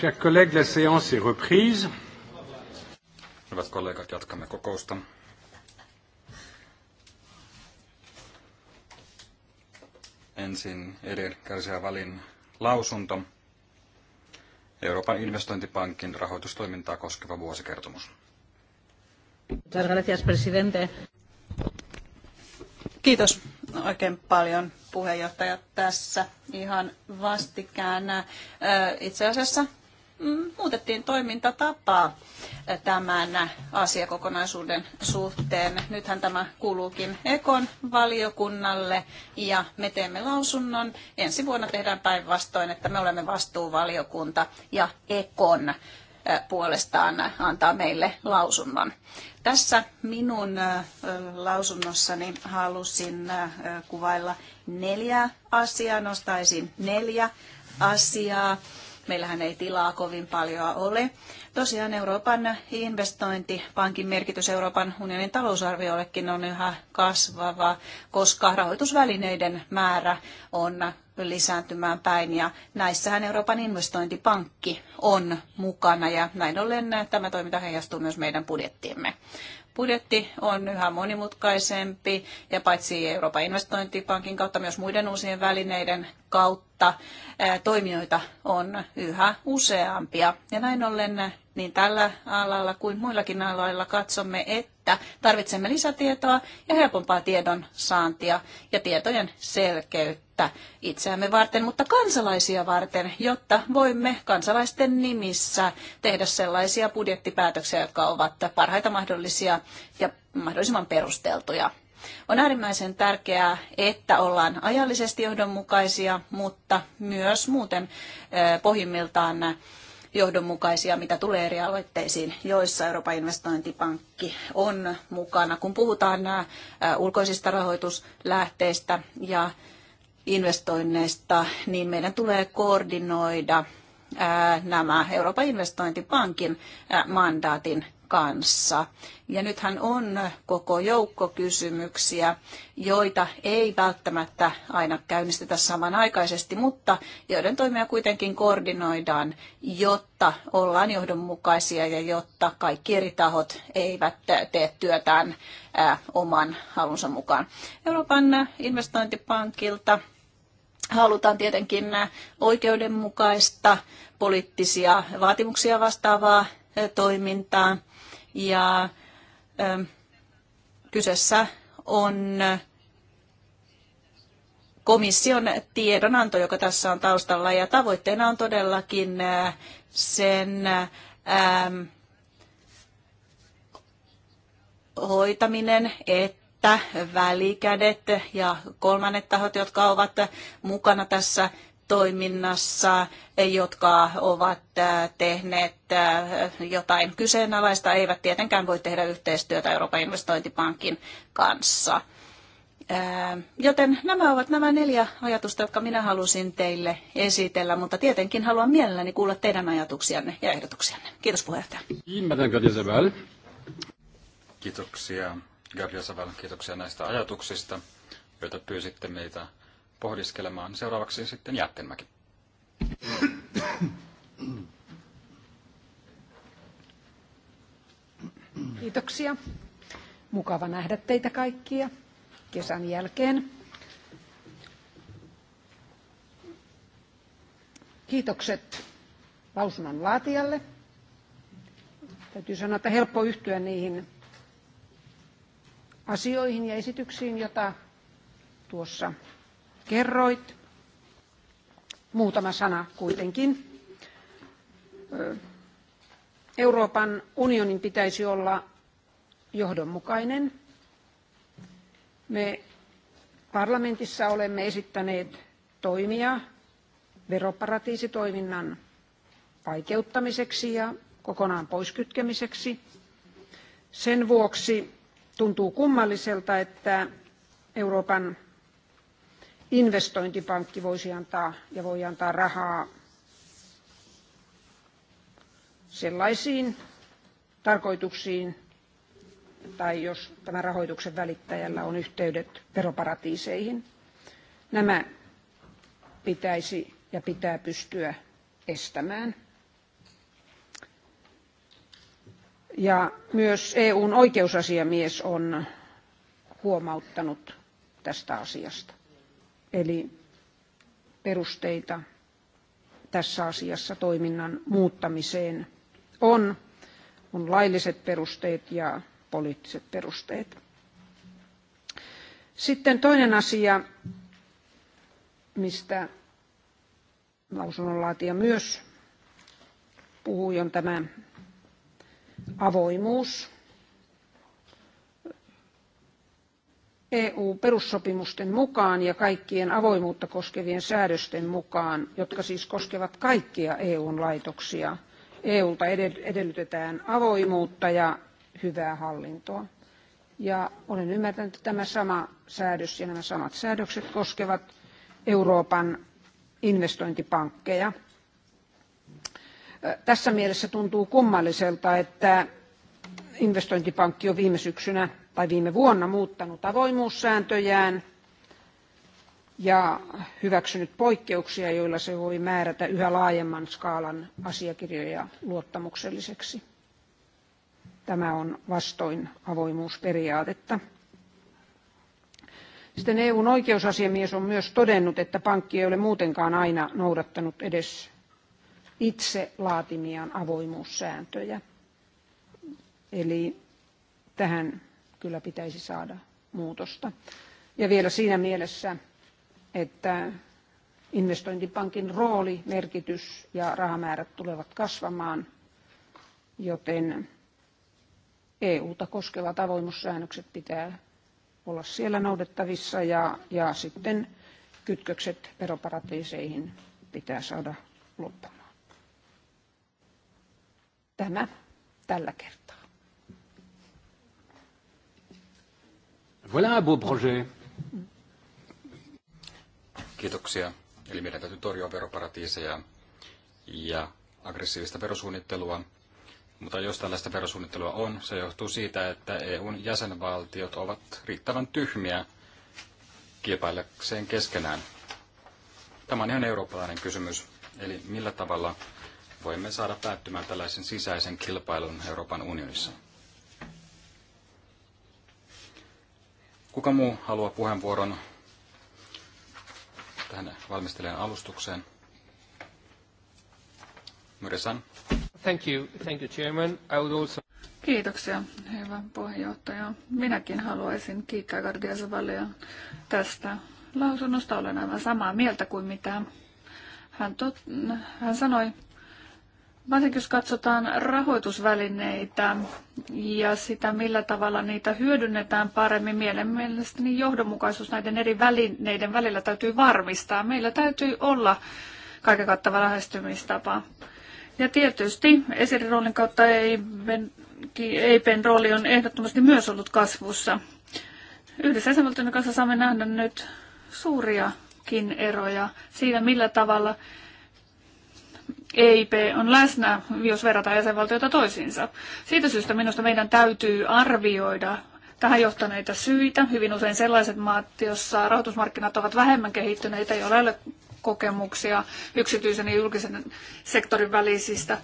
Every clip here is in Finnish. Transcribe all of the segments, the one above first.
Chers collègues, la séance est reprise. Hyvät kollegat, jatkamme kokousta. Ensin Edir Kärsiävälin lausunto. Euroopan investointipankin rahoitustoimintaa koskeva vuosikertomus. Muchas gracias, presidente. Kiitos oikein paljon puheenjohtaja tässä ihan vastikään. Äh, itse asiassa Mm, muutettiin toimintatapaa tämän asiakokonaisuuden suhteen. Nythän tämä kuuluukin Ekon valiokunnalle ja me teemme lausunnon. Ensi vuonna tehdään päinvastoin, että me olemme vastuuvaliokunta ja Ekon puolestaan antaa meille lausunnon. Tässä minun lausunnossani halusin kuvailla neljä asiaa, nostaisin neljä asiaa Meillähän ei tilaa kovin paljon ole. Tosiaan Euroopan investointipankin merkitys Euroopan unionin talousarviollekin on yhä kasvava, koska rahoitusvälineiden määrä on lisääntymään päin ja näissähän Euroopan investointipankki on mukana ja näin ollen tämä toiminta heijastuu myös meidän budjettiimme. Budjetti on yhä monimutkaisempi ja paitsi Euroopan investointipankin kautta myös muiden uusien välineiden kautta toimijoita on yhä useampia. Ja näin ollen niin tällä alalla kuin muillakin aloilla katsomme, että tarvitsemme lisätietoa ja helpompaa tiedon saantia ja tietojen selkeyttä välttämättä itseämme varten, mutta kansalaisia varten, jotta voimme kansalaisten nimissä tehdä sellaisia budjettipäätöksiä, jotka ovat parhaita mahdollisia ja mahdollisimman perusteltuja. On äärimmäisen tärkeää, että ollaan ajallisesti johdonmukaisia, mutta myös muuten pohjimmiltaan johdonmukaisia, mitä tulee eri aloitteisiin, joissa Euroopan investointipankki on mukana. Kun puhutaan nämä ulkoisista rahoituslähteistä ja investoinneista, niin meidän tulee koordinoida nämä Euroopan investointipankin mandaatin kanssa. Ja nythän on koko joukko kysymyksiä, joita ei välttämättä aina käynnistetä samanaikaisesti, mutta joiden toimia kuitenkin koordinoidaan, jotta ollaan johdonmukaisia ja jotta kaikki eri tahot eivät tee työtään oman halunsa mukaan. Euroopan investointipankilta halutaan tietenkin oikeudenmukaista, poliittisia vaatimuksia vastaavaa toimintaa. Ja kyseessä on komission tiedonanto, joka tässä on taustalla, ja tavoitteena on todellakin sen ähm, hoitaminen, että että välikädet ja kolmannet tahot, jotka ovat mukana tässä toiminnassa, jotka ovat äh, tehneet äh, jotain kyseenalaista, eivät tietenkään voi tehdä yhteistyötä Euroopan investointipankin kanssa. Äh, joten nämä ovat nämä neljä ajatusta, jotka minä halusin teille esitellä, mutta tietenkin haluan mielelläni kuulla teidän ajatuksianne ja ehdotuksianne. Kiitos puheenjohtaja. Kiitoksia Gabriel Saval, kiitoksia näistä ajatuksista, joita pyysitte meitä pohdiskelemaan. Seuraavaksi sitten Jättenmäki. Kiitoksia. Mukava nähdä teitä kaikkia kesän jälkeen. Kiitokset lausunnon laatijalle. Täytyy sanoa, että helppo yhtyä niihin asioihin ja esityksiin, joita tuossa kerroit. Muutama sana kuitenkin. Euroopan unionin pitäisi olla johdonmukainen. Me parlamentissa olemme esittäneet toimia veroparatiisitoiminnan vaikeuttamiseksi ja kokonaan poiskytkemiseksi. Sen vuoksi tuntuu kummalliselta, että Euroopan investointipankki voisi antaa ja voi antaa rahaa sellaisiin tarkoituksiin, tai jos tämän rahoituksen välittäjällä on yhteydet veroparatiiseihin. Nämä pitäisi ja pitää pystyä estämään. ja myös eun oikeusasiamies on huomauttanut tästä asiasta eli perusteita tässä asiassa toiminnan muuttamiseen on on lailliset perusteet ja poliittiset perusteet. Sitten toinen asia, mistä lausunnonlaatija myös puhui, on tämä avoimuus eu perussopimusten mukaan ja kaikkien avoimuutta koskevien säädösten mukaan jotka siis koskevat kaikkia eu n laitoksia eu lta edellytetään avoimuutta ja hyvää hallintoa. Ja olen ymmärtänyt että tämä sama säädös ja nämä samat säädökset koskevat euroopan investointipankkeja. Tässä mielessä tuntuu kummalliselta, että investointipankki on viime syksynä tai viime vuonna muuttanut avoimuussääntöjään ja hyväksynyt poikkeuksia, joilla se voi määrätä yhä laajemman skaalan asiakirjoja luottamukselliseksi. Tämä on vastoin avoimuusperiaatetta. Sitten EUn oikeusasiamies on myös todennut, että pankki ei ole muutenkaan aina noudattanut edes itse laatimiaan avoimuussääntöjä. Eli tähän kyllä pitäisi saada muutosta. Ja vielä siinä mielessä, että investointipankin rooli, merkitys ja rahamäärät tulevat kasvamaan, joten EU-ta koskevat avoimuussäännökset pitää olla siellä noudettavissa ja, ja sitten kytkökset veroparatiiseihin pitää saada loppuun tämä tällä kertaa. Voilà un beau projet. Kiitoksia. Eli meidän täytyy torjua veroparatiiseja ja aggressiivista verosuunnittelua. Mutta jos tällaista verosuunnittelua on, se johtuu siitä, että EUn jäsenvaltiot ovat riittävän tyhmiä kilpailekseen keskenään. Tämä on ihan eurooppalainen kysymys. Eli millä tavalla voimme saada päättymään tällaisen sisäisen kilpailun Euroopan unionissa. Kuka muu haluaa puheenvuoron tähän valmistelijan alustukseen? Myresan. Thank you, thank you chairman. I would also... Kiitoksia, hyvä puheenjohtaja. Minäkin haluaisin kiittää Gardia Savalia tästä lausunnosta. Olen aivan samaa mieltä kuin mitä hän, tot, hän sanoi. Varsinkin jos katsotaan rahoitusvälineitä ja sitä, millä tavalla niitä hyödynnetään paremmin, Niin johdonmukaisuus näiden eri välineiden välillä täytyy varmistaa. Meillä täytyy olla kaiken kattava lähestymistapa. Ja tietysti esiriroolin kautta EIPen, rooli on ehdottomasti myös ollut kasvussa. Yhdessä esimerkiksi kanssa saamme nähdä nyt suuriakin eroja siinä, millä tavalla EIP on läsnä, jos verrataan jäsenvaltioita toisiinsa. Siitä syystä minusta meidän täytyy arvioida tähän johtaneita syitä. Hyvin usein sellaiset maat, joissa rahoitusmarkkinat ovat vähemmän kehittyneitä, joilla ei ole kokemuksia yksityisen ja julkisen sektorin välisistä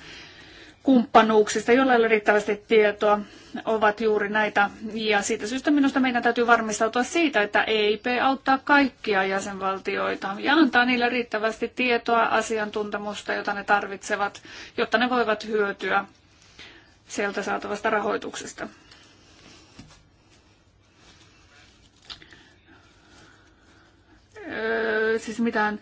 kumppanuuksista, joilla ei ole riittävästi tietoa, ovat juuri näitä. Ja siitä syystä minusta meidän täytyy varmistautua siitä, että EIP auttaa kaikkia jäsenvaltioita ja antaa niille riittävästi tietoa, asiantuntemusta, jota ne tarvitsevat, jotta ne voivat hyötyä sieltä saatavasta rahoituksesta. Öö, siis mitään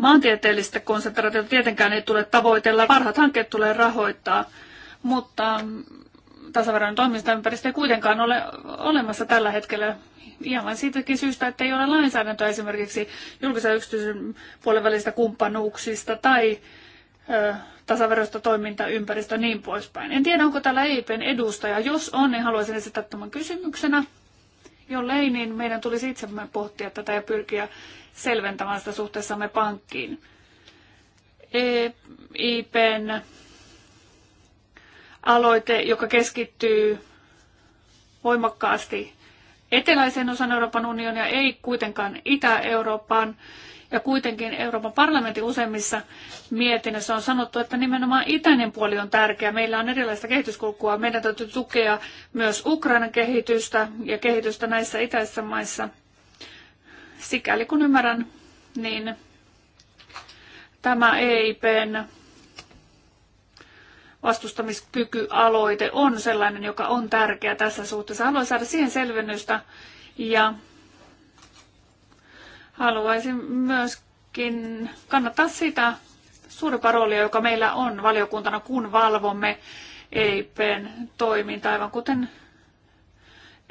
Maantieteellistä konsentraatiota tietenkään ei tule tavoitella, parhaat hankkeet tulee rahoittaa, mutta tasavarainen toimintaympäristö ei kuitenkaan ole olemassa tällä hetkellä ihan siitäkin syystä, että ei ole lainsäädäntöä esimerkiksi julkisen ja yksityisen puolen välisistä kumppanuuksista tai ö, tasaveroista toimintaympäristö ja niin poispäin. En tiedä, onko täällä EIPn edustaja. Jos on, niin haluaisin esittää tämän kysymyksenä. Jollei, niin meidän tulisi itsemme pohtia tätä ja pyrkiä selventämään sitä suhteessamme pankkiin. EIPn aloite, joka keskittyy voimakkaasti eteläisen osan Euroopan unionia, ei kuitenkaan Itä-Eurooppaan. Ja kuitenkin Euroopan parlamentin useimmissa mietinnöissä on sanottu, että nimenomaan itäinen puoli on tärkeä. Meillä on erilaista kehityskulkua. Meidän täytyy tukea myös Ukrainan kehitystä ja kehitystä näissä itäisissä maissa – Sikäli kun ymmärrän, niin tämä EIPn vastustamiskykyaloite on sellainen, joka on tärkeä tässä suhteessa. Haluan saada siihen selvennystä ja haluaisin myöskin kannattaa sitä suurempaa roolia, joka meillä on valiokuntana, kun valvomme EIPn toimintaa, aivan kuten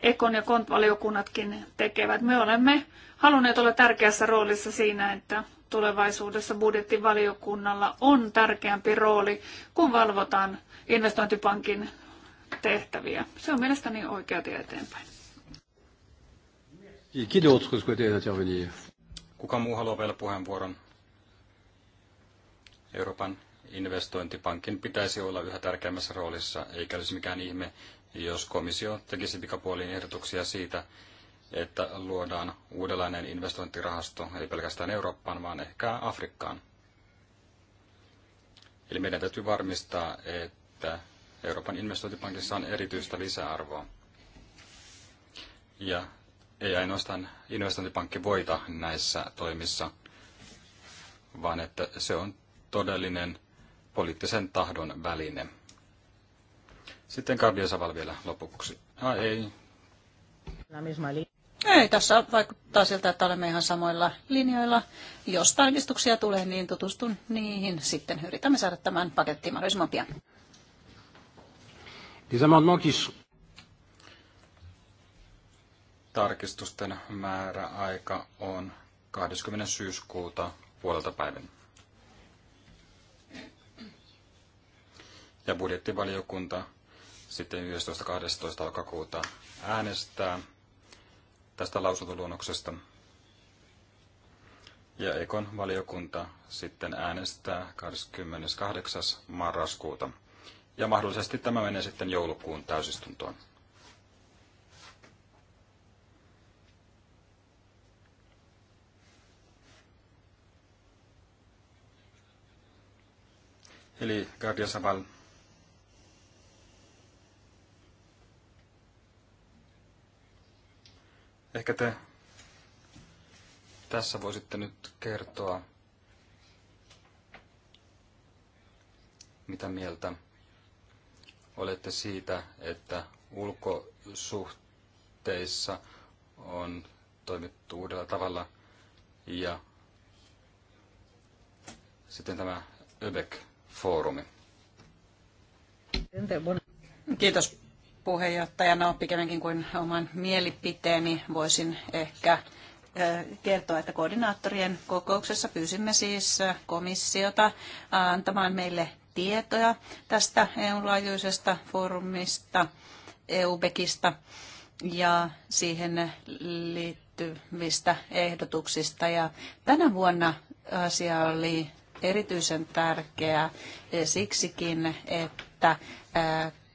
Ekon ja Kont-valiokunnatkin tekevät. Me olemme halunneet olla tärkeässä roolissa siinä, että tulevaisuudessa budjettivaliokunnalla on tärkeämpi rooli, kun valvotaan investointipankin tehtäviä. Se on mielestäni oikea tie eteenpäin. Kuka muu haluaa vielä puheenvuoron? Euroopan investointipankin pitäisi olla yhä tärkeämmässä roolissa, eikä olisi mikään ihme, jos komissio tekisi pikapuoliin ehdotuksia siitä, että luodaan uudenlainen investointirahasto, ei pelkästään Eurooppaan, vaan ehkä Afrikkaan. Eli meidän täytyy varmistaa, että Euroopan investointipankissa on erityistä lisäarvoa. Ja ei ainoastaan investointipankki voita näissä toimissa, vaan että se on todellinen poliittisen tahdon väline. Sitten Gabriel Saval vielä lopuksi. Ah, ei. Ei, tässä vaikuttaa siltä, että olemme ihan samoilla linjoilla. Jos tarkistuksia tulee, niin tutustun niihin. Sitten yritämme saada tämän pakettiin mahdollisimman pian. Tarkistusten määräaika on 20. syyskuuta puolelta päivän. Ja budjettivaliokunta sitten 11.12. lokakuuta äänestää tästä lausuntoluonnoksesta. Ja Ekon valiokunta sitten äänestää 28. marraskuuta. Ja mahdollisesti tämä menee sitten joulukuun täysistuntoon. Eli Gardia Saval Ehkä te tässä voisitte nyt kertoa, mitä mieltä olette siitä, että ulkosuhteissa on toimittu uudella tavalla ja sitten tämä ÖBEK-foorumi. Kiitos puheenjohtajana no, pikemminkin kuin oman mielipiteeni voisin ehkä kertoa, että koordinaattorien kokouksessa pyysimme siis komissiota antamaan meille tietoja tästä EU-laajuisesta foorumista, EU-bekista ja siihen liittyvistä ehdotuksista. Ja tänä vuonna asia oli erityisen tärkeä e, siksikin, että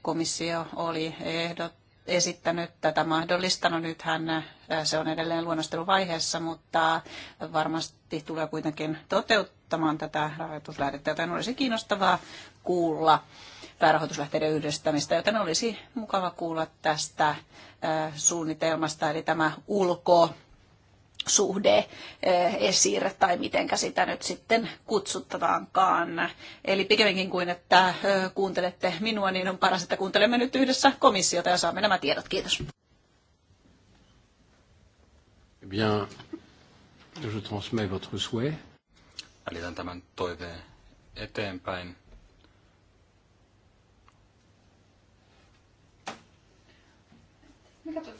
komissio oli ehdot, esittänyt tätä No Nythän se on edelleen luonnosteluvaiheessa, mutta varmasti tulee kuitenkin toteuttamaan tätä rahoituslähdettä, joten olisi kiinnostavaa kuulla päärahoituslähteiden yhdistämistä, joten olisi mukava kuulla tästä suunnitelmasta, eli tämä ulko suhde eh, esiirre tai mitenkä sitä nyt sitten kutsuttavaankaan. Eli pikemminkin kuin, että eh, kuuntelette minua, niin on paras, että kuuntelemme nyt yhdessä komissiota ja saamme nämä tiedot. Kiitos. Eh bien, je transmets votre souhait. Välitän tämän toiveen eteenpäin. Mikä toi?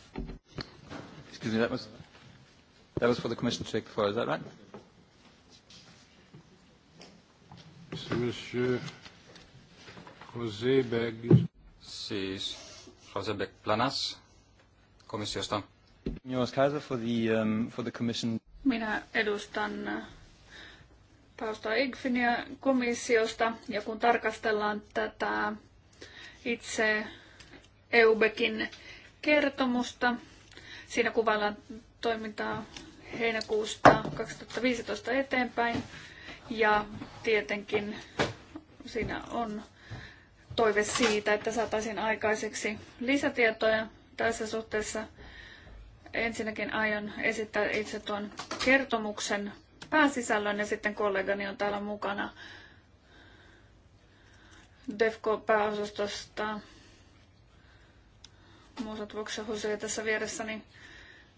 Excusez-moi, That was for the Commission to take the floor. Is that right? Monsieur José Beg. Siis José Beg Planas komissiosta. Kaiser for the, um, for the Commission. Minä edustan Pausta äh, Igfinia komissiosta ja kun tarkastellaan tätä itse EUBEKin kertomusta, siinä kuvaillaan toimintaa heinäkuusta 2015 eteenpäin. Ja tietenkin siinä on toive siitä, että saataisiin aikaiseksi lisätietoja tässä suhteessa. Ensinnäkin aion esittää itse tuon kertomuksen pääsisällön ja sitten kollegani on täällä mukana DEFCO-pääosastosta. Muusat Voksa tässä vieressäni. Niin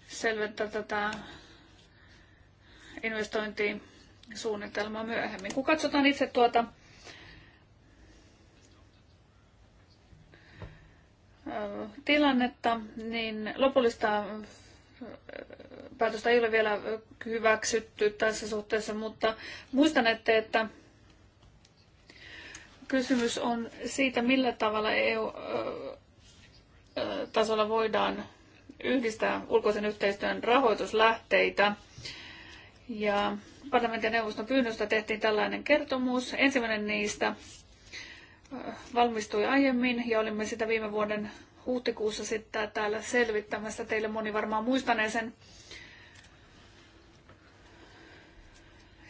selventää tätä investointisuunnitelmaa myöhemmin. Kun katsotaan itse tuota tilannetta, niin lopullista päätöstä ei ole vielä hyväksytty tässä suhteessa, mutta muistan, että, että kysymys on siitä, millä tavalla EU-tasolla voidaan yhdistää ulkoisen yhteistyön rahoituslähteitä. Ja parlamentin ja neuvoston pyynnöstä tehtiin tällainen kertomus. Ensimmäinen niistä äh, valmistui aiemmin ja olimme sitä viime vuoden huhtikuussa sitten täällä selvittämässä. Teille moni varmaan muistanee sen.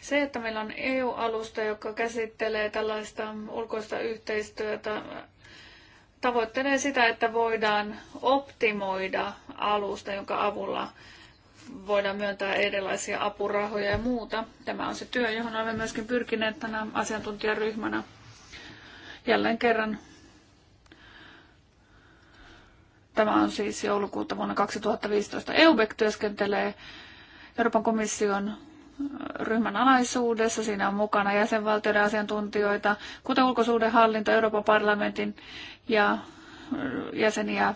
Se, että meillä on EU-alusta, joka käsittelee tällaista ulkoista yhteistyötä, tavoittelee sitä, että voidaan optimoida alusta, jonka avulla voidaan myöntää erilaisia apurahoja ja muuta. Tämä on se työ, johon olemme myöskin pyrkineet tänä asiantuntijaryhmänä jälleen kerran. Tämä on siis joulukuuta vuonna 2015. EUBEC työskentelee Euroopan komission ryhmän alaisuudessa. Siinä on mukana jäsenvaltioiden asiantuntijoita, kuten ulkosuudenhallinto, Euroopan parlamentin ja äh, jäseniä äh,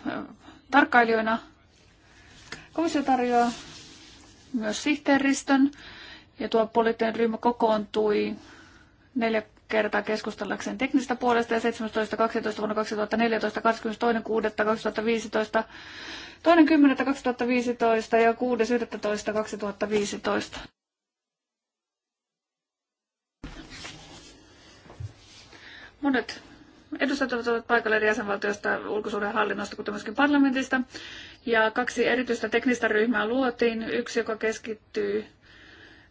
tarkkailijoina. Komissio tarjoaa myös sihteeristön ja tuo poliittinen ryhmä kokoontui neljä kertaa keskustellakseen teknistä puolesta ja 17.12. vuonna 2014, 22.6.2015, 2.10.2015 ja 6.11.2015. Monet edustajat ovat paikalle eri jäsenvaltioista, ulkosuhdehallinnosta, kuten myöskin parlamentista. Ja kaksi erityistä teknistä ryhmää luotiin. Yksi, joka keskittyy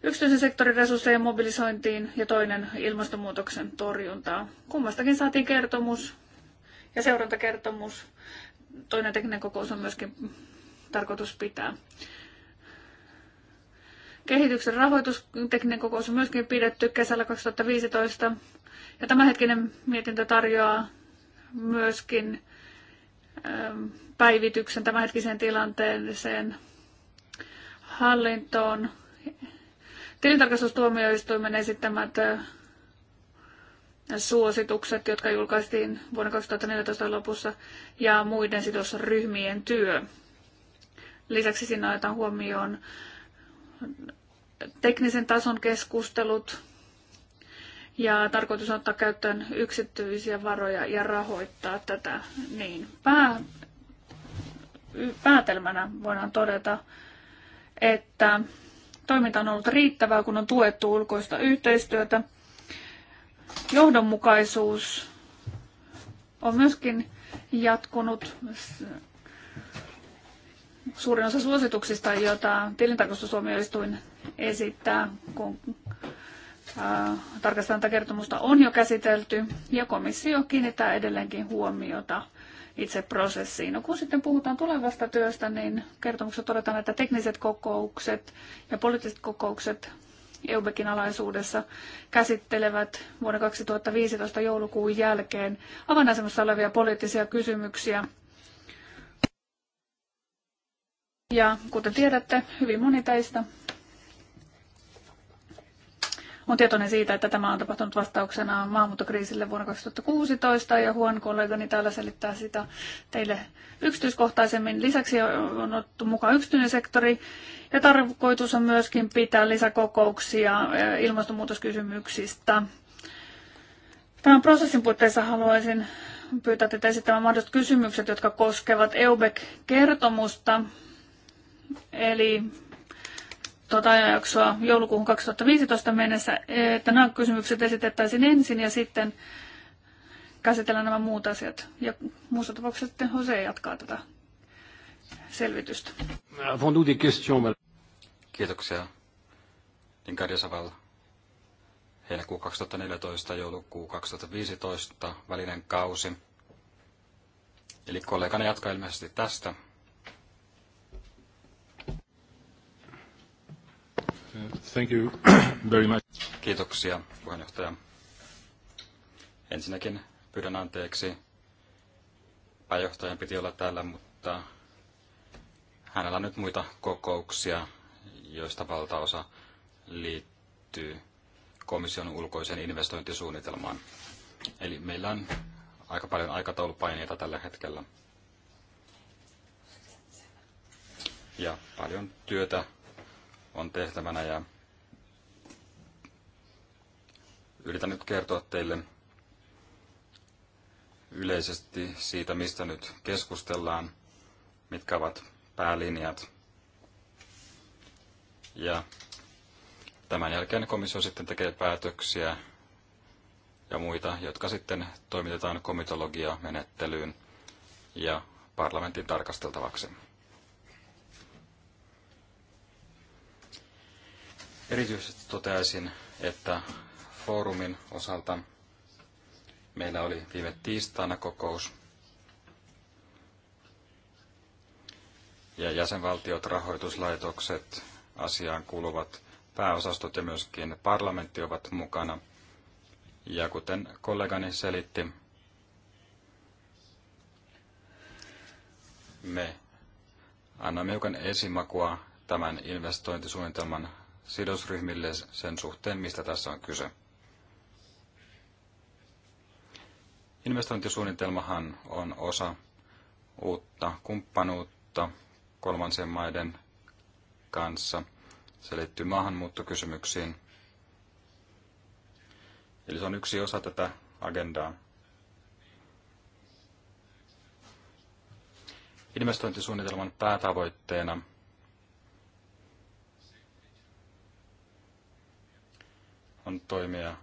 yksityisen sektorin resurssien mobilisointiin ja toinen ilmastonmuutoksen torjuntaan. Kummastakin saatiin kertomus ja seurantakertomus. Toinen tekninen kokous on myöskin tarkoitus pitää. Kehityksen rahoitustekninen kokous on myöskin pidetty kesällä 2015 ja tämänhetkinen mietintö tarjoaa myöskin ähm, päivityksen tämänhetkiseen tilanteeseen hallintoon. Tilintarkastustuomioistuimen esittämät äh, suositukset, jotka julkaistiin vuonna 2014 lopussa, ja muiden sidosryhmien työ. Lisäksi siinä otetaan huomioon teknisen tason keskustelut, ja tarkoitus on ottaa käyttöön yksityisiä varoja ja rahoittaa tätä. Niin pää, päätelmänä voidaan todeta, että toiminta on ollut riittävää, kun on tuettu ulkoista yhteistyötä. Johdonmukaisuus on myöskin jatkunut. Suurin osa suosituksista, joita tilintarkastusuomioistuin esittää, kun tarkastetaan on jo käsitelty ja komissio kiinnittää edelleenkin huomiota itse prosessiin. No kun sitten puhutaan tulevasta työstä, niin kertomuksessa todetaan, että tekniset kokoukset ja poliittiset kokoukset EUBEKin alaisuudessa käsittelevät vuoden 2015 joulukuun jälkeen avainasemassa olevia poliittisia kysymyksiä. Ja kuten tiedätte, hyvin moni teistä on tietoinen siitä, että tämä on tapahtunut vastauksena maahanmuuttokriisille vuonna 2016 ja Huon kollegani täällä selittää sitä teille yksityiskohtaisemmin. Lisäksi on otettu mukaan yksityinen sektori ja tarkoitus on myöskin pitää lisäkokouksia ilmastonmuutoskysymyksistä. Tämän prosessin puitteissa haluaisin pyytää teitä esittämään mahdolliset kysymykset, jotka koskevat EUBEC-kertomusta, eli tuota ajanjaksoa joulukuuhun 2015 mennessä, että nämä kysymykset esitettäisiin ensin ja sitten käsitellään nämä muut asiat. Ja muussa tapauksessa sitten Jose jatkaa tätä selvitystä. Kiitoksia. Inkaria niin Saval. Heinäkuu 2014, joulukuu 2015 välinen kausi. Eli kollegani jatkaa ilmeisesti tästä. Thank you very much. Kiitoksia, puheenjohtaja. Ensinnäkin pyydän anteeksi. Pääjohtajan piti olla täällä, mutta hänellä on nyt muita kokouksia, joista valtaosa liittyy komission ulkoiseen investointisuunnitelmaan. Eli meillä on aika paljon aikataulupaineita tällä hetkellä. Ja paljon työtä on tehtävänä ja yritän nyt kertoa teille yleisesti siitä, mistä nyt keskustellaan, mitkä ovat päälinjat. Ja tämän jälkeen komissio sitten tekee päätöksiä ja muita, jotka sitten toimitetaan komitologia menettelyyn ja parlamentin tarkasteltavaksi. Erityisesti toteaisin, että foorumin osalta meillä oli viime tiistaina kokous ja jäsenvaltiot, rahoituslaitokset, asiaan kuuluvat pääosastot ja myöskin parlamentti ovat mukana. Ja kuten kollegani selitti, me annamme hiukan esimakua tämän investointisuunnitelman sidosryhmille sen suhteen, mistä tässä on kyse. Investointisuunnitelmahan on osa uutta kumppanuutta kolmansien maiden kanssa. Se liittyy maahanmuuttokysymyksiin. Eli se on yksi osa tätä agendaa. Investointisuunnitelman päätavoitteena on toimia,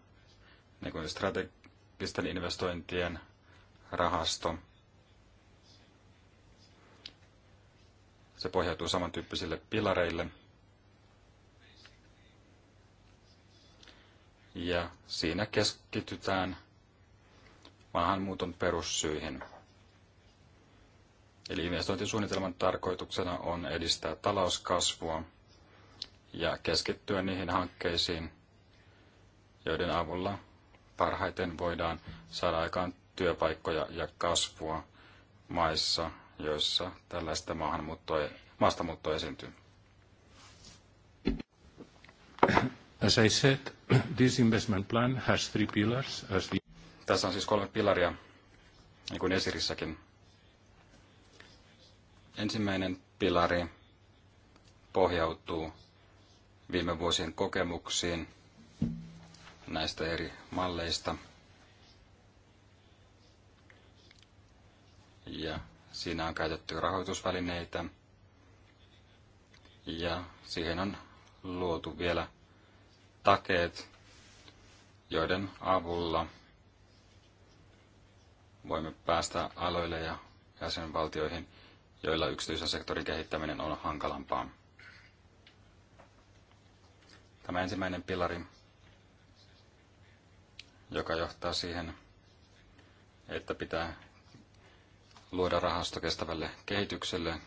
niin kuin strategisten investointien rahasto. Se pohjautuu samantyyppisille pilareille. Ja siinä keskitytään maahanmuuton perussyihin. Eli investointisuunnitelman tarkoituksena on edistää talouskasvua ja keskittyä niihin hankkeisiin, joiden avulla parhaiten voidaan saada aikaan työpaikkoja ja kasvua maissa, joissa tällaista maahanmuuttoa, maastamuuttoa esiintyy. As I said, this investment plan has three pillars. As we... Tässä on siis kolme pilaria, niin kuin Esirissäkin. Ensimmäinen pilari pohjautuu viime vuosien kokemuksiin näistä eri malleista. Ja siinä on käytetty rahoitusvälineitä ja siihen on luotu vielä takeet, joiden avulla voimme päästä aloille ja jäsenvaltioihin, joilla yksityisen sektorin kehittäminen on hankalampaa. Tämä ensimmäinen pilari joka johtaa siihen, että pitää luoda rahasto kestävälle kehitykselle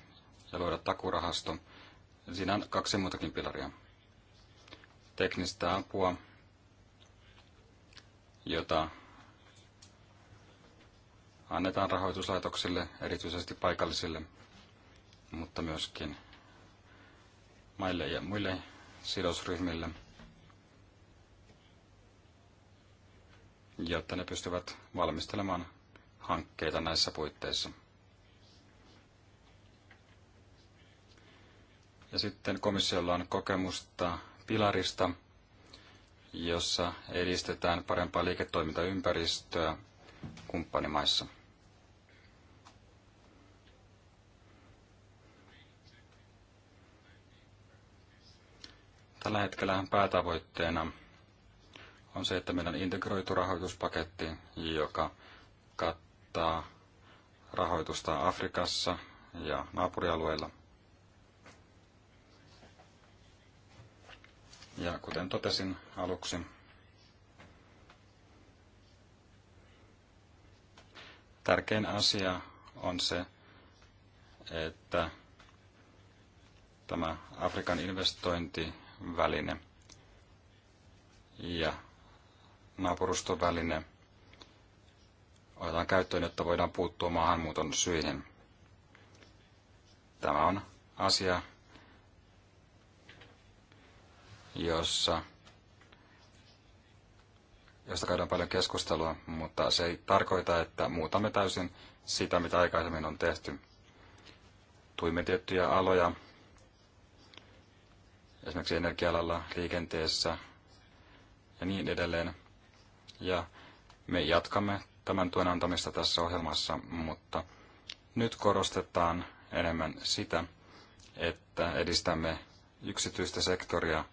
ja luoda takurahasto. Siinä on kaksi muutakin pilaria. Teknistä apua, jota annetaan rahoituslaitoksille, erityisesti paikallisille, mutta myöskin maille ja muille sidosryhmille – jotta ne pystyvät valmistelemaan hankkeita näissä puitteissa. Ja sitten komissiolla on kokemusta pilarista, jossa edistetään parempaa liiketoimintaympäristöä kumppanimaissa. Tällä hetkellä päätavoitteena on se, että meidän on integroitu rahoituspaketti, joka kattaa rahoitusta Afrikassa ja naapurialueilla. Ja kuten totesin aluksi, tärkein asia on se, että tämä Afrikan investointiväline ja väline. otetaan käyttöön, jotta voidaan puuttua maahanmuuton syihin. Tämä on asia, jossa, josta käydään paljon keskustelua, mutta se ei tarkoita, että muutamme täysin sitä, mitä aikaisemmin on tehty. Tuimme tiettyjä aloja, esimerkiksi energialalla, liikenteessä ja niin edelleen ja me jatkamme tämän tuen antamista tässä ohjelmassa, mutta nyt korostetaan enemmän sitä, että edistämme yksityistä sektoria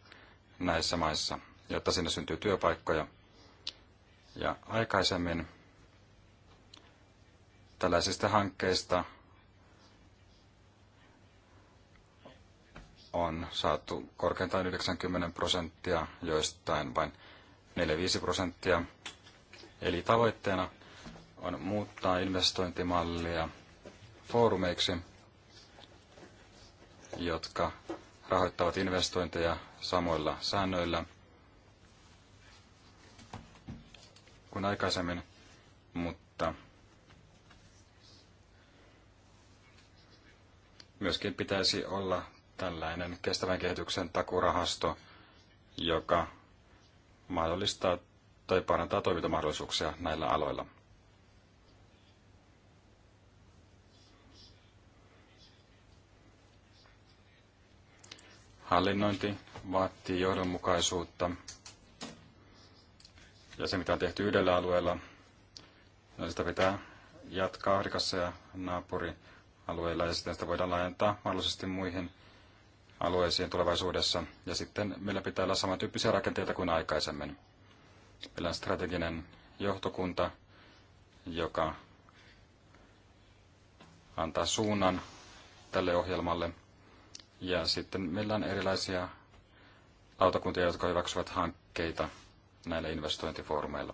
näissä maissa, jotta sinne syntyy työpaikkoja. Ja aikaisemmin tällaisista hankkeista on saatu korkeintaan 90 prosenttia joistain vain 4-5 prosenttia. Eli tavoitteena on muuttaa investointimallia foorumeiksi, jotka rahoittavat investointeja samoilla säännöillä kuin aikaisemmin, mutta myöskin pitäisi olla tällainen kestävän kehityksen takurahasto, joka mahdollistaa tai parantaa toimintamahdollisuuksia näillä aloilla. Hallinnointi vaatii johdonmukaisuutta. Ja se, mitä on tehty yhdellä alueella, no sitä pitää jatkaa Afrikassa ja naapurialueilla ja sitten sitä voidaan laajentaa mahdollisesti muihin alueisiin tulevaisuudessa. Ja sitten meillä pitää olla samantyyppisiä rakenteita kuin aikaisemmin. Meillä on strateginen johtokunta, joka antaa suunnan tälle ohjelmalle. Ja sitten meillä on erilaisia lautakuntia, jotka hyväksyvät hankkeita näillä investointifoorumeilla.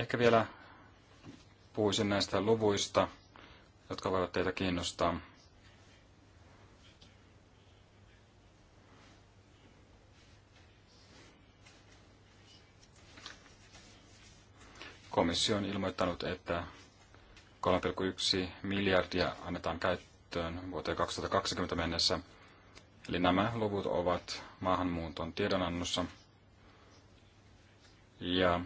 Ehkä vielä puhuisin näistä luvuista, jotka voivat teitä kiinnostaa. Komissio on ilmoittanut, että 3,1 miljardia annetaan käyttöön vuoteen 2020 mennessä. Eli nämä luvut ovat maahanmuuton tiedonannossa. Ja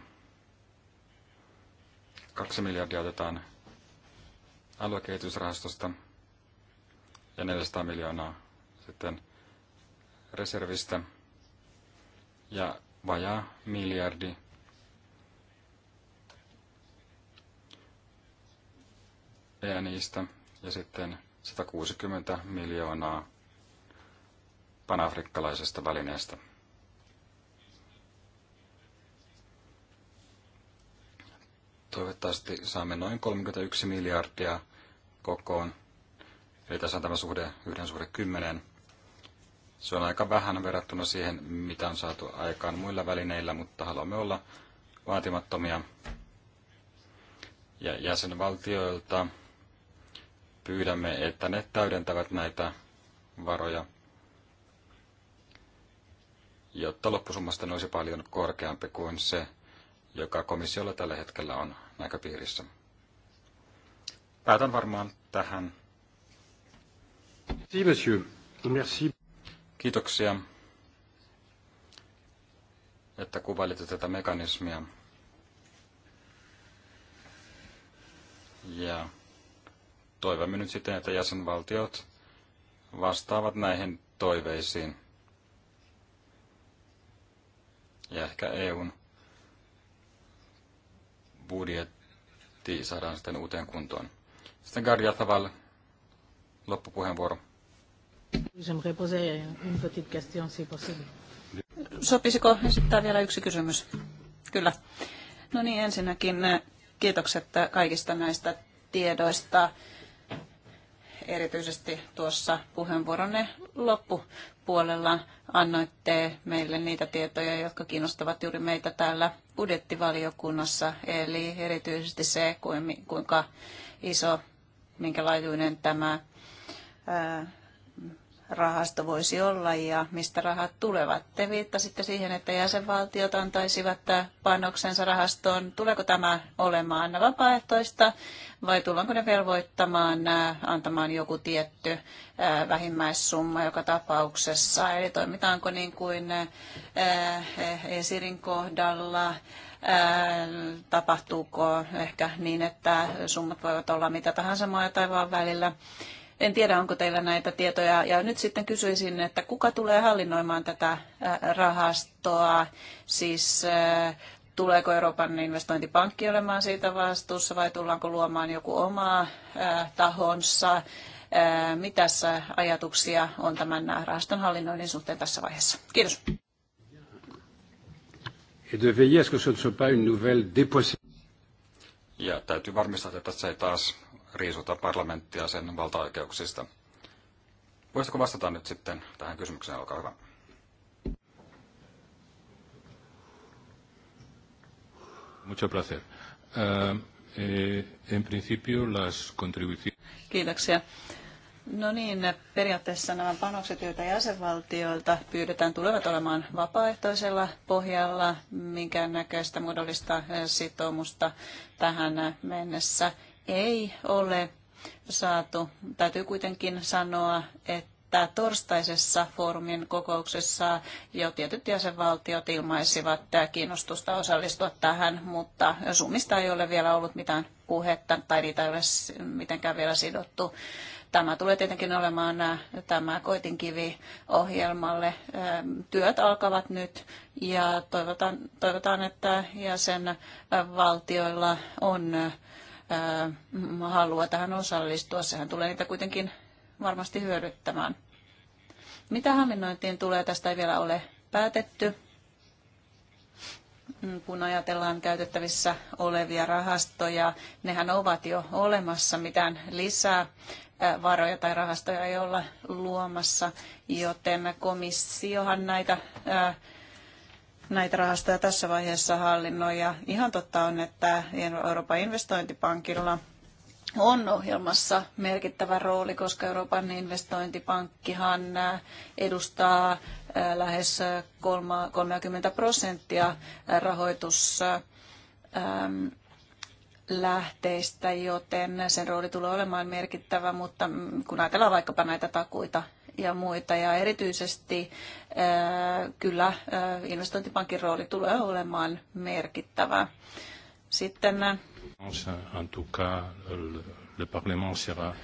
2 miljardia otetaan aluekehitysrahastosta ja 400 miljoonaa sitten reservistä ja vajaa miljardi ENIistä ja sitten 160 miljoonaa panafrikkalaisesta välineestä. lähtökohtaisesti saamme noin 31 miljardia kokoon. Eli tässä on tämä suhde yhden suhde 10. Se on aika vähän verrattuna siihen, mitä on saatu aikaan muilla välineillä, mutta haluamme olla vaatimattomia. Ja jäsenvaltioilta pyydämme, että ne täydentävät näitä varoja, jotta loppusummasta olisi paljon korkeampi kuin se, joka komissiolla tällä hetkellä on näköpiirissä. Päätän varmaan tähän. Merci, Kiitoksia, että kuvailitte tätä mekanismia. Ja toivomme nyt sitten, että jäsenvaltiot vastaavat näihin toiveisiin. Ja ehkä EUn budjetti saadaan sitten uuteen kuntoon. Sitten Garja Thaval, loppupuheenvuoro. Sopisiko esittää vielä yksi kysymys? Kyllä. No niin, ensinnäkin eh, kiitokset kaikista näistä tiedoista, erityisesti tuossa puheenvuoronne loppupuolella annoitte meille niitä tietoja, jotka kiinnostavat juuri meitä täällä budjettivaliokunnassa, eli erityisesti se, kuinka iso, minkä laajuinen tämä rahasto voisi olla ja mistä rahat tulevat. Te viittasitte siihen, että jäsenvaltiot antaisivat panoksensa rahastoon. Tuleeko tämä olemaan vapaaehtoista vai tullaanko ne velvoittamaan antamaan joku tietty vähimmäissumma joka tapauksessa? Eli toimitaanko niin kuin esirin kohdalla? Tapahtuuko ehkä niin, että summat voivat olla mitä tahansa maata taivaan välillä? En tiedä, onko teillä näitä tietoja. Ja nyt sitten kysyisin, että kuka tulee hallinnoimaan tätä äh, rahastoa? Siis äh, tuleeko Euroopan investointipankki olemaan siitä vastuussa vai tullaanko luomaan joku oma äh, tahonsa? Mitäs ajatuksia on tämän rahaston hallinnoinnin suhteen tässä vaiheessa? Kiitos. Ja täytyy varmistaa, että tässä ei taas riisuta parlamenttia sen valtaoikeuksista. Voisitko vastata nyt sitten tähän kysymykseen, olkaa hyvä. Mucho placer. Uh, eh, en principio las contribuciones... Kiitoksia. No niin, periaatteessa nämä panokset, joita jäsenvaltioilta pyydetään, tulevat olemaan vapaaehtoisella pohjalla, minkäännäköistä muodollista eh, sitoumusta tähän mennessä ei ole saatu. Täytyy kuitenkin sanoa, että torstaisessa foorumin kokouksessa jo tietyt jäsenvaltiot ilmaisivat kiinnostusta osallistua tähän, mutta summista ei ole vielä ollut mitään puhetta tai niitä ei ole mitenkään vielä sidottu. Tämä tulee tietenkin olemaan äh, tämä koitinkivi ohjelmalle. Ähm, työt alkavat nyt ja toivotaan, toivotaan että jäsenvaltioilla on äh, halua tähän osallistua. Sehän tulee niitä kuitenkin varmasti hyödyttämään. Mitä hallinnointiin tulee, tästä ei vielä ole päätetty. Mm, kun ajatellaan käytettävissä olevia rahastoja, nehän ovat jo olemassa, mitään lisää varoja tai rahastoja ei olla luomassa, joten komissiohan näitä näitä rahastoja tässä vaiheessa hallinnoi. Ja ihan totta on, että Euroopan investointipankilla on ohjelmassa merkittävä rooli, koska Euroopan investointipankkihan äh, edustaa äh, lähes 30 prosenttia rahoituslähteistä, ähm, joten sen rooli tulee olemaan merkittävä, mutta mm, kun ajatellaan vaikkapa näitä takuita, ja muita. Ja erityisesti äh, kyllä äh, investointipankin rooli tulee olemaan merkittävä. Sitten... Äh, en tout cas, le Parlement sera...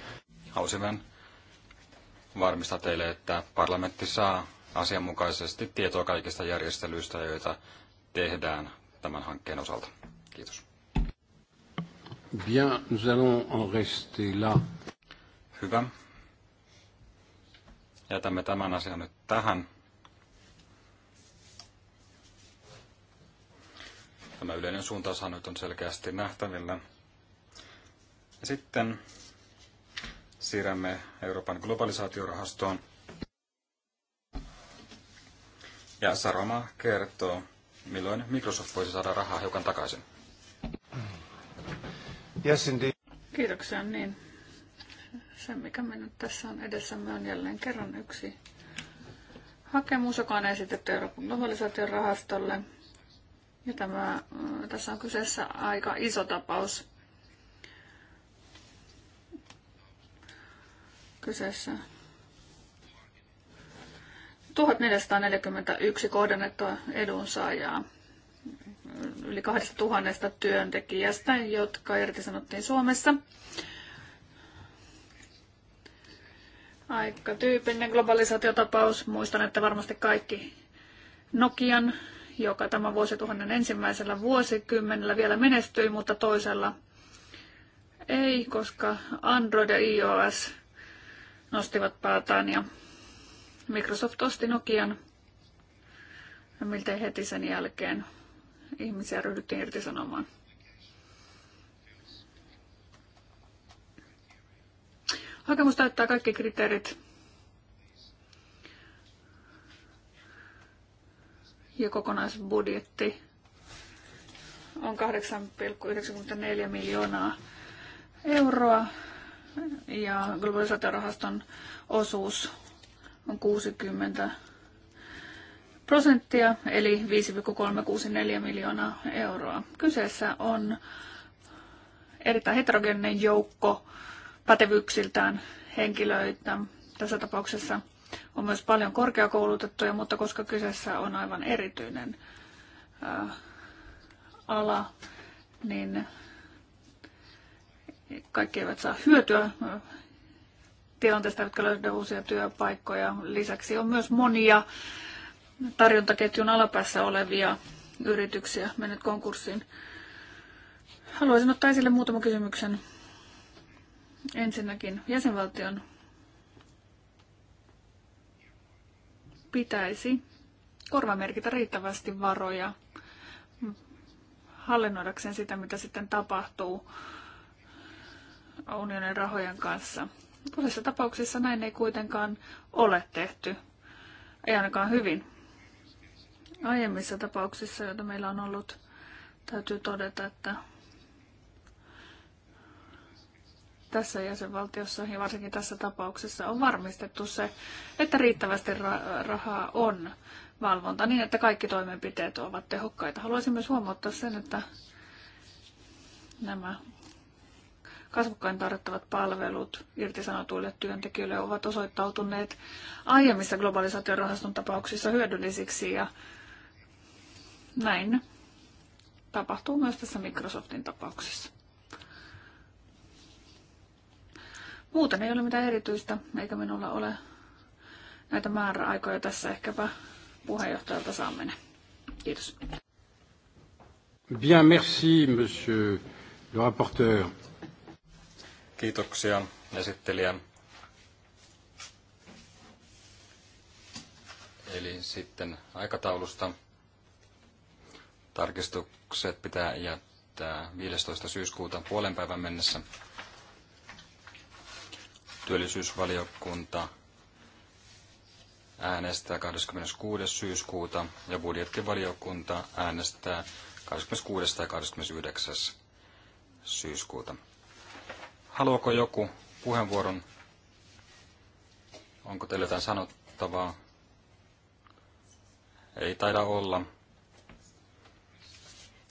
varmistaa teille, että parlamentti saa asianmukaisesti tietoa kaikista järjestelyistä, joita tehdään tämän hankkeen osalta. Kiitos. Bien, nous allons en rester là. Hyvä. Jätämme tämän asian nyt tähän. Tämä yleinen suuntaushan nyt on selkeästi nähtävillä. Ja sitten siirrämme Euroopan globalisaatiorahastoon. Ja Saroma kertoo, milloin Microsoft voisi saada rahaa hiukan takaisin. Yes, indeed. Kiitoksia, niin se, mikä me nyt tässä on edessämme, on jälleen kerran yksi hakemus, joka on esitetty Euroopan globalisaation rahastolle. Ja tämä, äh, tässä on kyseessä aika iso tapaus. Kyseessä 1441 kohdennettua edunsaajaa yli 2000 työntekijästä, jotka irtisanottiin Suomessa. Aika tyypillinen globalisaatiotapaus. Muistan, että varmasti kaikki Nokian, joka tämän vuosituhannen ensimmäisellä vuosikymmenellä vielä menestyi, mutta toisella ei, koska Android ja iOS nostivat päätään ja Microsoft osti Nokian miltei heti sen jälkeen ihmisiä ryhdyttiin irtisanomaan. Hakemus täyttää kaikki kriteerit. Ja kokonaisbudjetti on 8,94 miljoonaa euroa ja globalisaatiorahaston osuus on 60 prosenttia eli 5,364 miljoonaa euroa. Kyseessä on erittäin heterogeeninen joukko pätevyyksiltään henkilöitä. Tässä tapauksessa on myös paljon korkeakoulutettuja, mutta koska kyseessä on aivan erityinen äh, ala, niin kaikki eivät saa hyötyä äh, tilanteesta, jotka löydä uusia työpaikkoja. Lisäksi on myös monia tarjontaketjun alapäässä olevia yrityksiä mennyt konkurssiin. Haluaisin ottaa esille muutaman kysymyksen Ensinnäkin jäsenvaltion pitäisi korvamerkitä riittävästi varoja hallinnoidakseen sitä, mitä sitten tapahtuu unionin rahojen kanssa. Useissa tapauksissa näin ei kuitenkaan ole tehty, ei ainakaan hyvin. Aiemmissa tapauksissa, joita meillä on ollut, täytyy todeta, että tässä jäsenvaltiossa ja varsinkin tässä tapauksessa on varmistettu se, että riittävästi rahaa on valvonta niin, että kaikki toimenpiteet ovat tehokkaita. Haluaisin myös huomauttaa sen, että nämä kasvokkain tarjottavat palvelut irtisanotuille työntekijöille ovat osoittautuneet aiemmissa globalisaatiorahaston tapauksissa hyödyllisiksi ja näin tapahtuu myös tässä Microsoftin tapauksessa. Muuten ei ole mitään erityistä, eikä minulla ole näitä määräaikoja tässä ehkäpä puheenjohtajalta saamme ne. Kiitos. Bien, merci, monsieur le rapporteur. Kiitoksia esittelijä. Eli sitten aikataulusta. Tarkistukset pitää jättää 15. syyskuuta puolen päivän mennessä. Työllisyysvaliokunta äänestää 26. syyskuuta ja budjettivaliokunta äänestää 26. tai 29. syyskuuta. Haluaako joku puheenvuoron? Onko teillä jotain sanottavaa? Ei taida olla.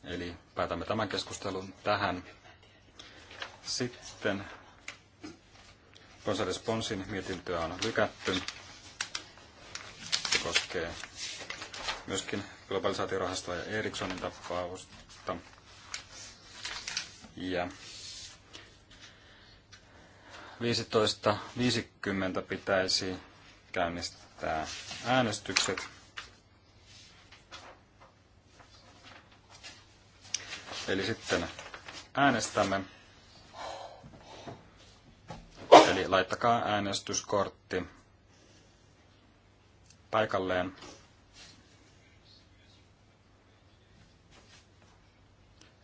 Eli päätämme tämän keskustelun tähän. Sitten Gonzales Ponsin mietintöä on lykätty. Se koskee myöskin globalisaatiorahastoa ja Ericssonin tapausta. Ja 15.50 pitäisi käynnistää äänestykset. Eli sitten äänestämme. laittakaa äänestyskortti paikalleen.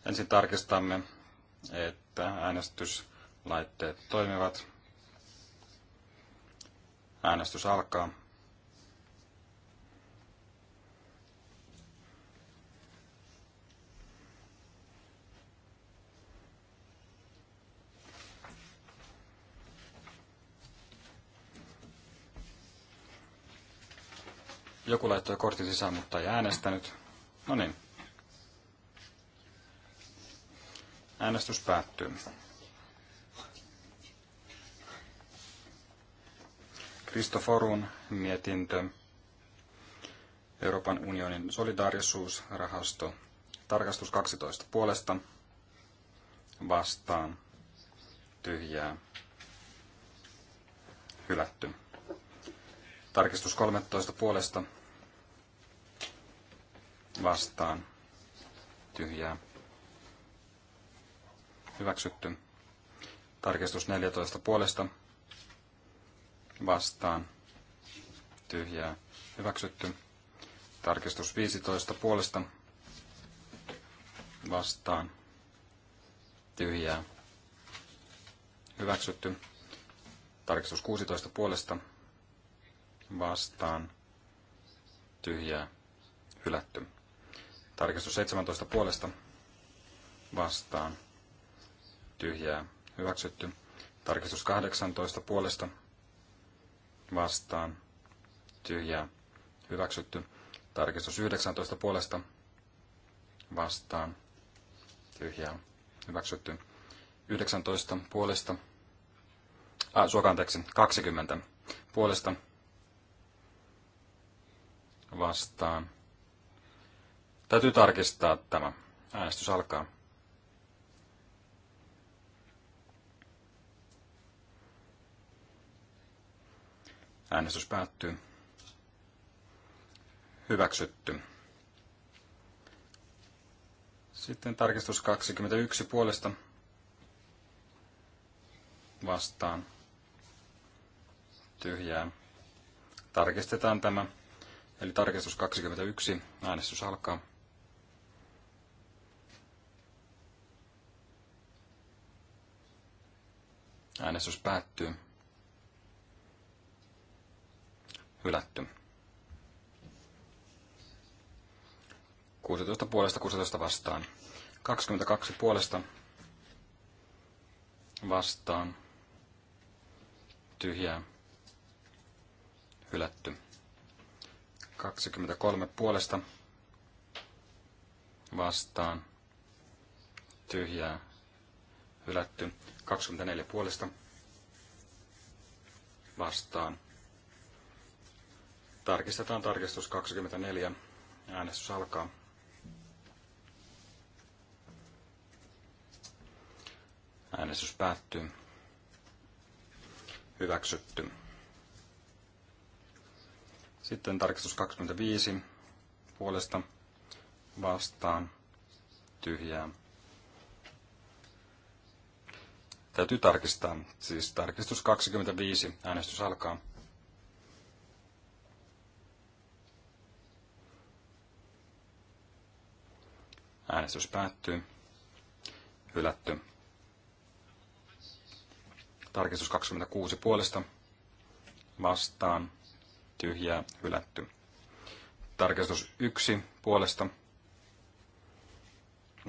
Ensin tarkistamme, että äänestyslaitteet toimivat. Äänestys alkaa. Joku laittoi kortin sisään, mutta ei äänestänyt. No niin. Äänestys päättyy. Kristoforun mietintö. Euroopan unionin solidaarisuusrahasto. Tarkastus 12 puolesta. Vastaan. Tyhjää. Hylätty. Tarkistus 13 puolesta vastaan tyhjää. Hyväksytty. Tarkistus 14 puolesta vastaan tyhjää. Hyväksytty. Tarkistus 15 puolesta vastaan tyhjää. Hyväksytty. Tarkistus 16 puolesta vastaan vastaan tyhjää hylätty. Tarkistus 17 puolesta vastaan tyhjää hyväksytty. Tarkistus 18 puolesta vastaan tyhjää hyväksytty. Tarkistus 19 puolesta vastaan tyhjää hyväksytty. 19 puolesta, äh, suokaan 20 puolesta vastaan. Täytyy tarkistaa tämä. Äänestys alkaa. Äänestys päättyy. Hyväksytty. Sitten tarkistus 21 puolesta vastaan tyhjää. Tarkistetaan tämä. Eli tarkistus 21, äänestys alkaa. Äänestys päättyy. Hylätty. 16 puolesta 16 vastaan. 22 puolesta vastaan. Tyhjää. Hylätty. 23 puolesta vastaan tyhjää hylätty. 24 puolesta vastaan. Tarkistetaan tarkistus 24. Äänestys alkaa. Äänestys päättyy. Hyväksytty. Sitten tarkistus 25 puolesta vastaan tyhjää. Täytyy tarkistaa. Siis tarkistus 25. Äänestys alkaa. Äänestys päättyy. Hylätty. Tarkistus 26 puolesta. Vastaan tyhjää hylätty. Tarkistus 1 puolesta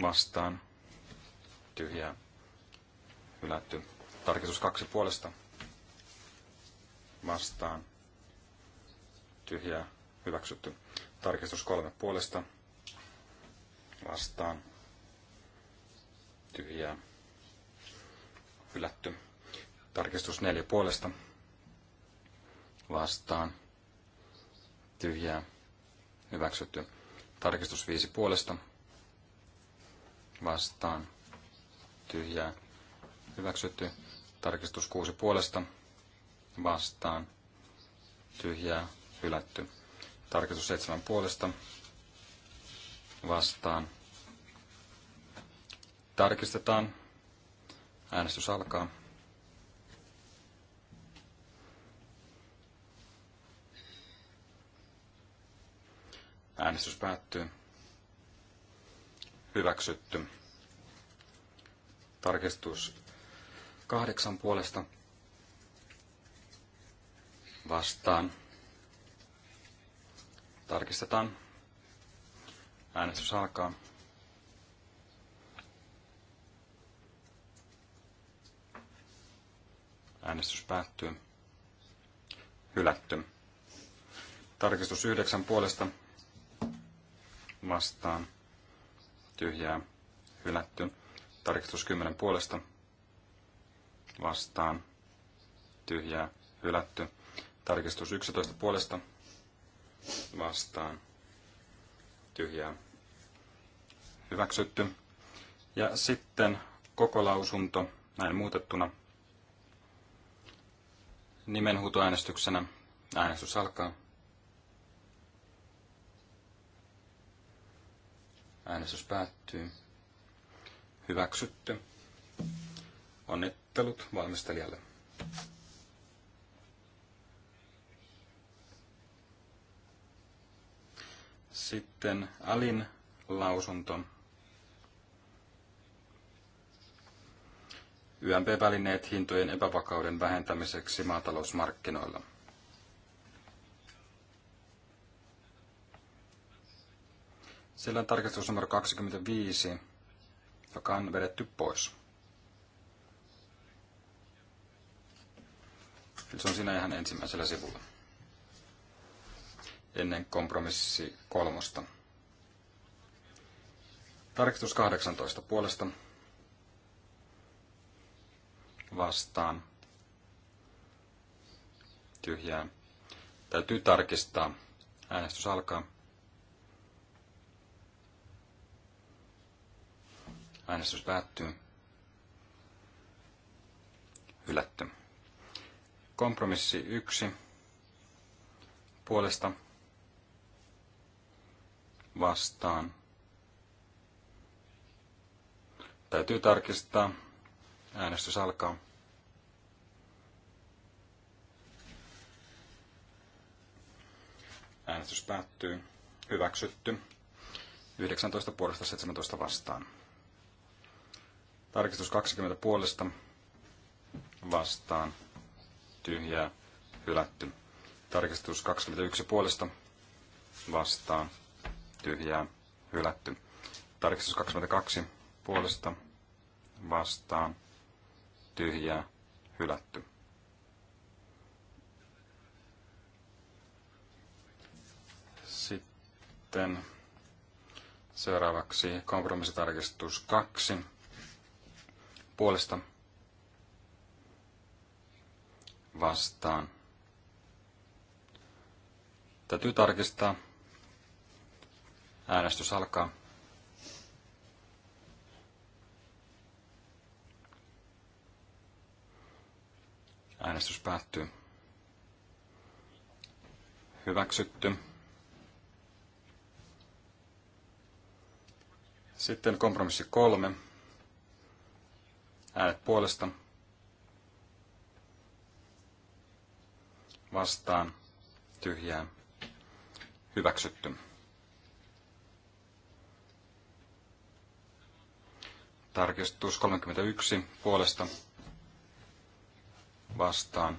vastaan tyhjää hylätty. Tarkistus 2 puolesta vastaan tyhjää hyväksytty. Tarkistus 3 puolesta vastaan tyhjää hylätty. Tarkistus 4 puolesta vastaan tyhjää hyväksytty. Tarkistus 5 puolesta vastaan tyhjää hyväksytty. Tarkistus 6 puolesta vastaan tyhjää hylätty. Tarkistus 7 puolesta vastaan. Tarkistetaan. Äänestys alkaa. Äänestys päättyy. Hyväksytty. Tarkistus kahdeksan puolesta vastaan. Tarkistetaan. Äänestys alkaa. Äänestys päättyy. Hylätty. Tarkistus yhdeksän puolesta vastaan tyhjää hylätty. Tarkistus 10 puolesta vastaan tyhjää hylätty. Tarkistus 11 puolesta vastaan tyhjää hyväksytty. Ja sitten koko lausunto näin muutettuna nimenhuutoäänestyksenä. Äänestys alkaa. Äänestys päättyy. Hyväksytty. Onnittelut valmistelijalle. Sitten Alin lausunto. YMP-välineet hintojen epävakauden vähentämiseksi maatalousmarkkinoilla. Sillä on tarkistus numero 25, joka on vedetty pois. se on siinä ihan ensimmäisellä sivulla. Ennen kompromissi kolmosta. Tarkistus 18 puolesta vastaan tyhjää. Täytyy tarkistaa. Äänestys alkaa. Äänestys päättyy. Hylätty. Kompromissi 1. Puolesta. Vastaan. Täytyy tarkistaa. Äänestys alkaa. Äänestys päättyy. Hyväksytty. 19 puolesta 17 vastaan. Tarkistus 20 puolesta vastaan tyhjää hylätty. Tarkistus 21 puolesta vastaan tyhjää hylätty. Tarkistus 22 puolesta vastaan tyhjää hylätty. Sitten seuraavaksi kompromissitarkistus 2 puolesta vastaan. Täytyy tarkistaa. Äänestys alkaa. Äänestys päättyy. Hyväksytty. Sitten kompromissi kolme. Äänet puolesta. Vastaan. Tyhjää. Hyväksytty. Tarkistus 31 puolesta vastaan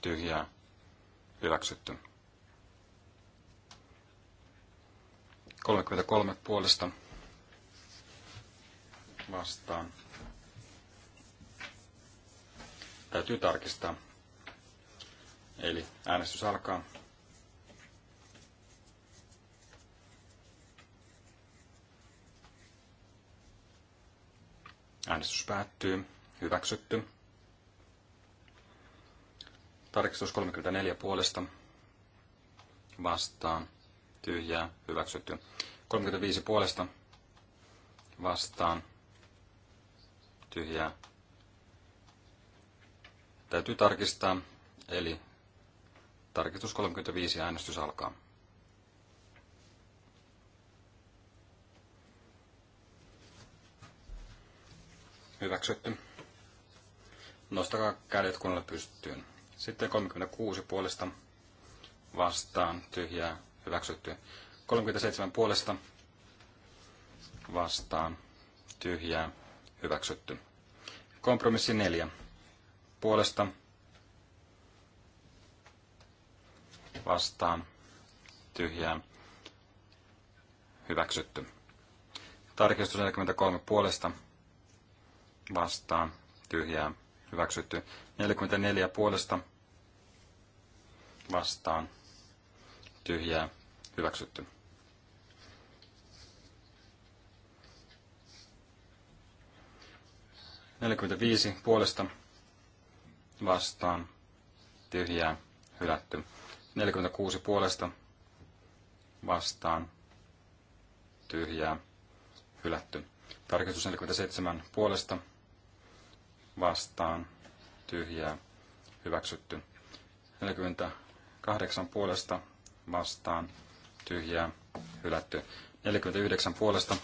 tyhjää hyväksytty. 33 puolesta vastaan Täytyy tarkistaa. Eli äänestys alkaa. Äänestys päättyy. Hyväksytty. Tarkistus 34 puolesta. Vastaan. Tyhjää. Hyväksytty. 35 puolesta. Vastaan. Tyhjää. Täytyy tarkistaa, eli tarkistus 35 äänestys alkaa. Hyväksytty. Nostakaa kädet kunnolla pystyyn. Sitten 36 puolesta vastaan tyhjää hyväksytty. 37 puolesta vastaan tyhjää hyväksytty. Kompromissi 4 puolesta vastaan tyhjää hyväksytty. Tarkistus 43 puolesta vastaan tyhjää hyväksytty. 44 puolesta vastaan tyhjää hyväksytty. Neljäkymmentäviisi puolesta vastaan tyhjää hylätty. 46 puolesta vastaan tyhjää hylätty. Tarkistus 47 puolesta vastaan tyhjää hyväksytty. 48 puolesta vastaan tyhjää hylätty. 49 puolesta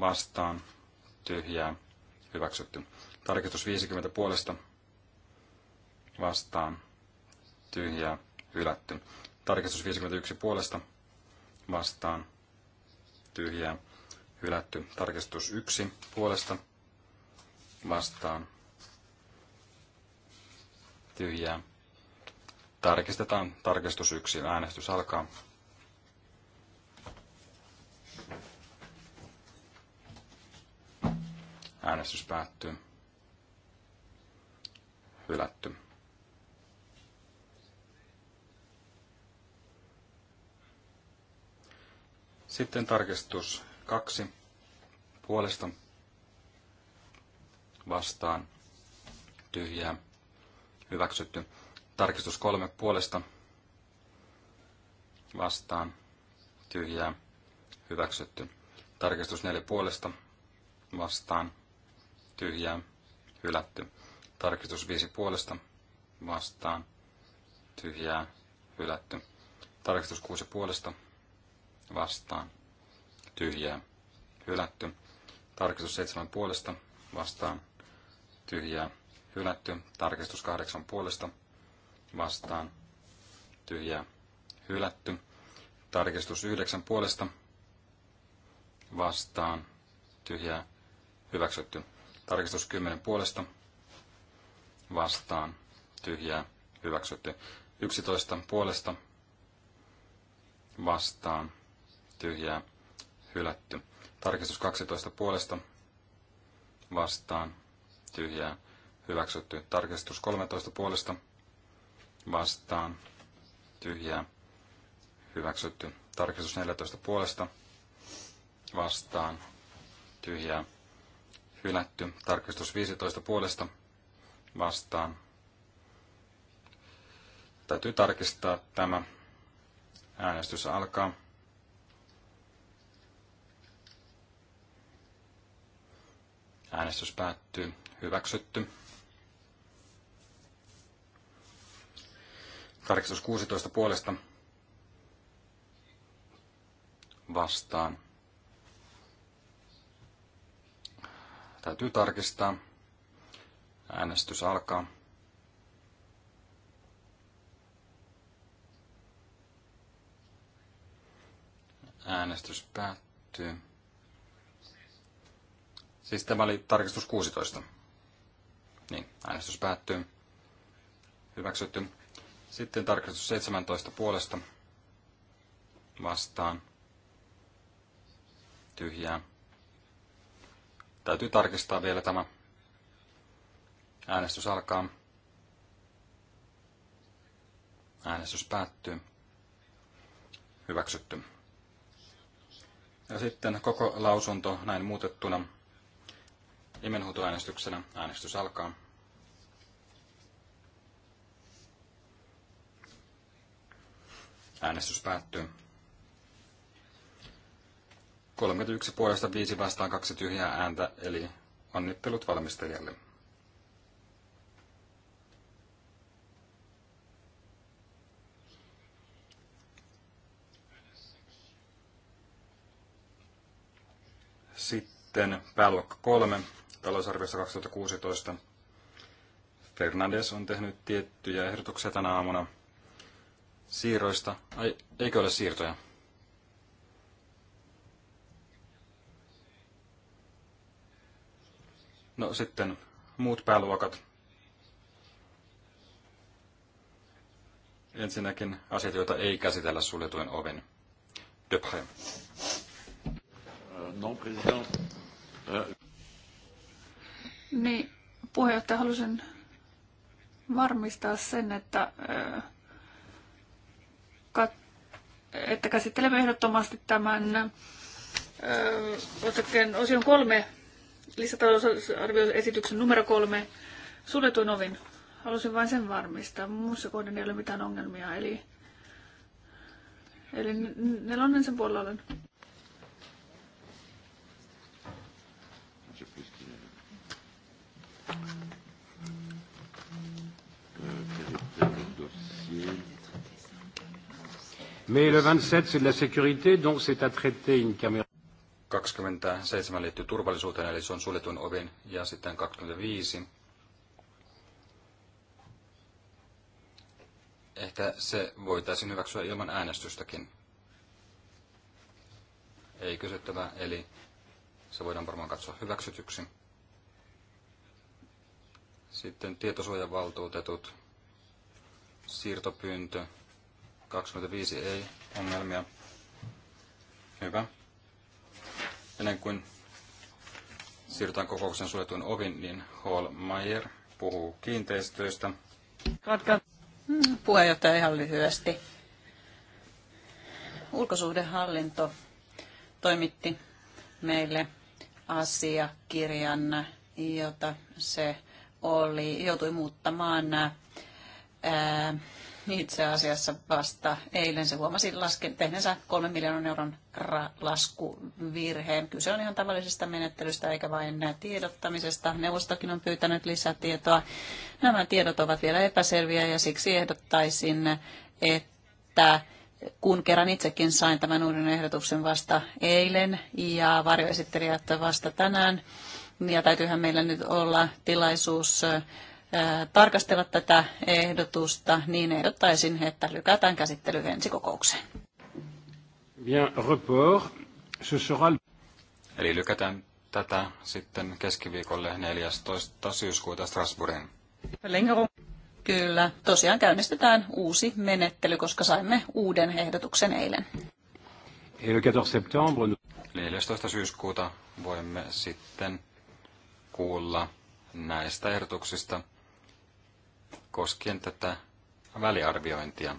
vastaan tyhjää hyväksytty. Tarkistus 50 puolesta vastaan vastaan tyhjää hylätty. Tarkistus 51 puolesta vastaan tyhjää hylätty. Tarkistus 1 puolesta vastaan tyhjää. Tarkistetaan tarkistus 1. Äänestys alkaa. Äänestys päättyy. Hylätty. Sitten tarkistus kaksi puolesta vastaan tyhjää hyväksytty. Tarkistus kolme puolesta vastaan tyhjää hyväksytty. Tarkistus neljä puolesta vastaan tyhjää hylätty. Tarkistus viisi puolesta vastaan tyhjää hylätty. Tarkistus kuusi puolesta vastaan, tyhjää, hylätty. Tarkistus 7 puolesta vastaan, tyhjää, hylätty. Tarkistus 8 puolesta vastaan, tyhjää, hylätty. Tarkistus 9 puolesta vastaan, tyhjää, hyväksytty. Tarkistus 10 puolesta vastaan, tyhjää, hyväksytty. 11 puolesta vastaan, tyhjää hylätty. Tarkistus 12 puolesta vastaan tyhjää hyväksytty. Tarkistus 13 puolesta vastaan tyhjää hyväksytty. Tarkistus 14 puolesta vastaan tyhjää hylätty. Tarkistus 15 puolesta vastaan. Täytyy tarkistaa tämä. Äänestys alkaa. Äänestys päättyy. Hyväksytty. Tarkistus 16 puolesta vastaan. Täytyy tarkistaa. Äänestys alkaa. Äänestys päättyy. Siis tämä oli tarkistus 16. Niin, äänestys päättyy. Hyväksytty. Sitten tarkistus 17 puolesta vastaan. Tyhjää. Täytyy tarkistaa vielä tämä. Äänestys alkaa. Äänestys päättyy. Hyväksytty. Ja sitten koko lausunto näin muutettuna Nimenhuutoäänestyksenä äänestys alkaa. Äänestys päättyy. 31 puolesta 5 vastaan 2 tyhjää ääntä, eli onnittelut valmistelijalle. Sitten pääluokka 3, talousarviosta 2016. Fernandes on tehnyt tiettyjä ehdotuksia tänä aamuna siirroista. Ai, eikö ole siirtoja? No sitten muut pääluokat. Ensinnäkin asiat, joita ei käsitellä suljetuin oven. Depre. Euh, non, niin, puheenjohtaja, halusin varmistaa sen, että, että käsittelemme ehdottomasti tämän osakkeen osion kolme lisätalousarvioesityksen numero kolme suljetuin ovin. Halusin vain sen varmistaa. Muussa kohden ei ole mitään ongelmia. Eli, eli nelonen sen puolella olen. Mais le 27, c'est de la sécurité, donc c'est à traiter in camera. 27 liittyy turvallisuuteen, eli se on suljetun ovin, ja sitten 25. Ehkä se voitaisiin hyväksyä ilman äänestystäkin. Ei kysyttävää, eli se voidaan varmaan katsoa hyväksytyksi. Sitten tietosuojavaltuutetut, siirtopyyntö, 25 ei ongelmia. Hyvä. Ennen kuin siirrytään kokouksen suljetun ovin, niin Hallmeier puhuu kiinteistöistä. Katka. Mm, puheenjohtaja ihan lyhyesti. Ulkosuhdehallinto toimitti meille asiakirjan, jota se oli, joutui muuttamaan ää, itse asiassa vasta eilen. Se huomasi lasken, tehneensä kolmen miljoonan euron ra- laskuvirheen. Kyse on ihan tavallisesta menettelystä eikä vain tiedottamisesta. Neuvostokin on pyytänyt lisätietoa. Nämä tiedot ovat vielä epäselviä ja siksi ehdottaisin, että kun kerran itsekin sain tämän uuden ehdotuksen vasta eilen ja varjoesittelijät vasta tänään, ja täytyyhän meillä nyt olla tilaisuus tarkastella tätä ehdotusta, niin ehdottaisin, että lykätään käsittely ensi kokoukseen. Bien, report. Ce sera... Eli lykätään tätä sitten keskiviikolle 14. syyskuuta Strasbourgin. Kyllä, tosiaan käynnistetään uusi menettely, koska saimme uuden ehdotuksen eilen. 14. syyskuuta voimme sitten kuulla näistä ehdotuksista – koskien tätä väliarviointia.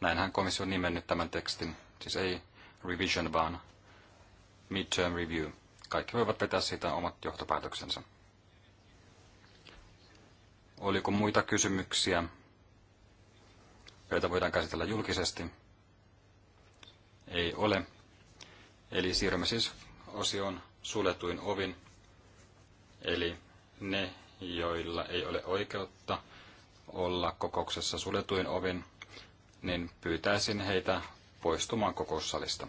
Näinhän komissio on nimennyt tämän tekstin, siis ei revision, vaan midterm review. Kaikki voivat vetää siitä omat johtopäätöksensä. Oliko muita kysymyksiä, joita voidaan käsitellä julkisesti? Ei ole. Eli siirrymme siis osioon suljetuin ovin. Eli ne, joilla ei ole oikeutta olla kokouksessa suljetuin ovin, niin pyytäisin heitä poistumaan kokoussalista.